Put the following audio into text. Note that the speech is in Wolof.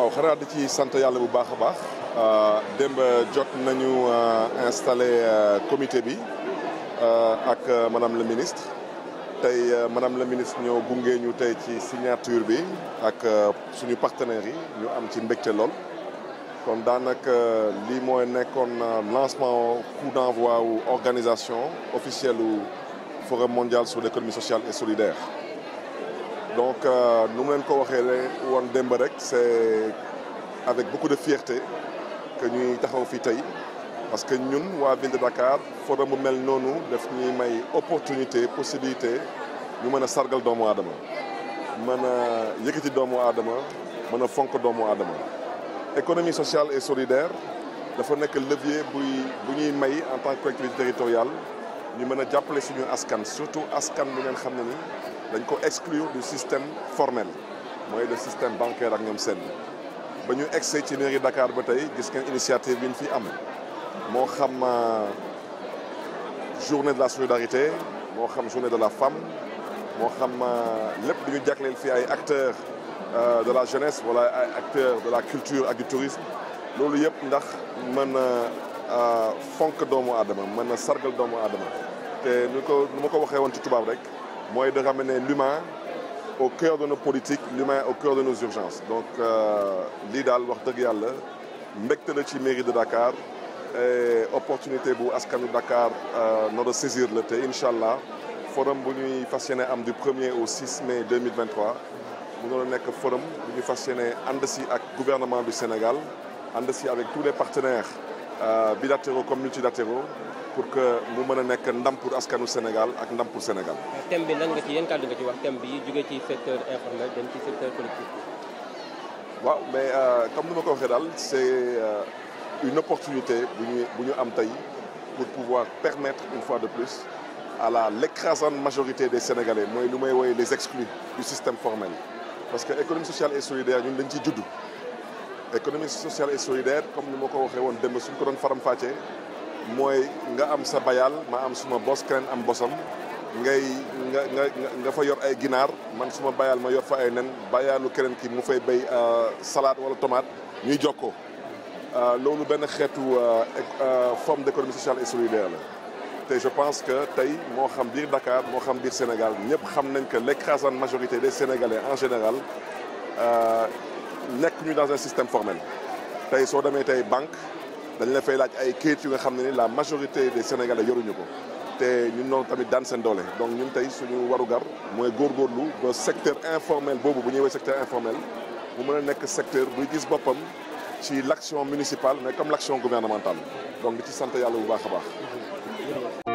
waaw xanaa di ci sant yàlla bu baax a baax euh, démb jot nañu euh, installé euh, comité bi ak madame la ministre tey madame la ministre ñëw gunge ñu tey ci signature bi ak suñu partenaires yi ñu am ci mbégte lool kon daanaka lii mooy nekkoon lancement coup d'envoi wu organisation officielle u forum mondial sur l'économie sociale et solidaire donc euh, nu mu leen ko waxee la wan démb rek c'est avec beaucoup de fierté que ñuy taxaw fii tey parce que ñun waa ville de Dakar forum bu mel noonu def ñuy may opportunité possibilité ñu mën a sargal doomu aadama mën a yëkkati doomu aadama mën a fonk doomu aadama économie sociale et solidaire dafa nekk levier buy bu ñuy may en tant que collectivité territoriale ñu mën a jàppale suñu askan surtout askan bi ngeen xam ne ni dañ ko exclure du système formel mooy de système bancaire ak ñoom seen ba ñu egsee ci mairie Dakar ba tey gis ngeen initiative bi ñu fi am moo xam euh, journée de la solidarité moo xam journée de la femme moo xam euh, lépp du ñu jagleel fii ay acteurs euh, de la jeunesse wala ay acteurs de la culture ak du tourisme loolu yëpp ndax mën fonk doomu aadama mën a sargal doomu adama te nu ko ma ko waxee woon ci tubaab rek mooy de ramener l'humain au cœur de nos politiques l'humain au cœur de nos urgences donc euh, lii daal wax dëgg yàlla mbégte la ci mairie de Dakar opportunité bu askanu Dakar euh, nor a saisir la te incha allah forum bu ñuy fas yéene am du premier au 6 mai 2023 mu noon a nekk forum bu ñuy fas yéene ànd si ak gouvernement du Sénégal ànd si avec tous les partenaires Euh, bilatéraux comme multilatéraux pour que mu mën a nekk ndam pour askanu Sénégal ak ndam pour Sénégal. thème bi lan nga ci yan nga ci wax thème bi jógee ci secteur informel dem ci secteur collectif. waaw mais euh, comme ni ma ko c'est euh, une opportunité bu ñu bu ñu am tey pour pouvoir permettre une fois de plus à la l'écrasante majorité des Sénégalais mooy lu may woowee les exclus du système formel parce que économie sociale et solidaire ñun dañ ciy judd. économie sociale et solidaire comme nu ma ko waxee woon démb suñ ko doon faram fàccee mooy nga am sa bayal ma am suma bos keneen am bosam ngay nga nga fa yor ay ginaar man suma bayal ma yor fa ay nen bayalu keneen ki mu fay béy euh, salade wala tomate ñuy jokkoo euh, loolu benn xeetu euh, forme d'économie sociale et solidaire la te je pense que tey moo xam biir Dakar moo xam biir Sénégal ñëpp xam nañ que l'écrasante majorité des Sénégalais en général nekk ñu dans un système formel tey soo demee tey banque dañ la fay laaj ay kayit yu nga xam ne ni la majorité des sénégalais yoruñu ko te ñun noonu tamit daan seen doole donc ñun tey suñu warugar mooy góor ba secteur informel boobu bu ñuy wax secteur informel mu mën a nekk secteur buy gis boppam ci l'action municipale mais comme l'action gouvernementale donc di ci sant yàlla bu baax a baax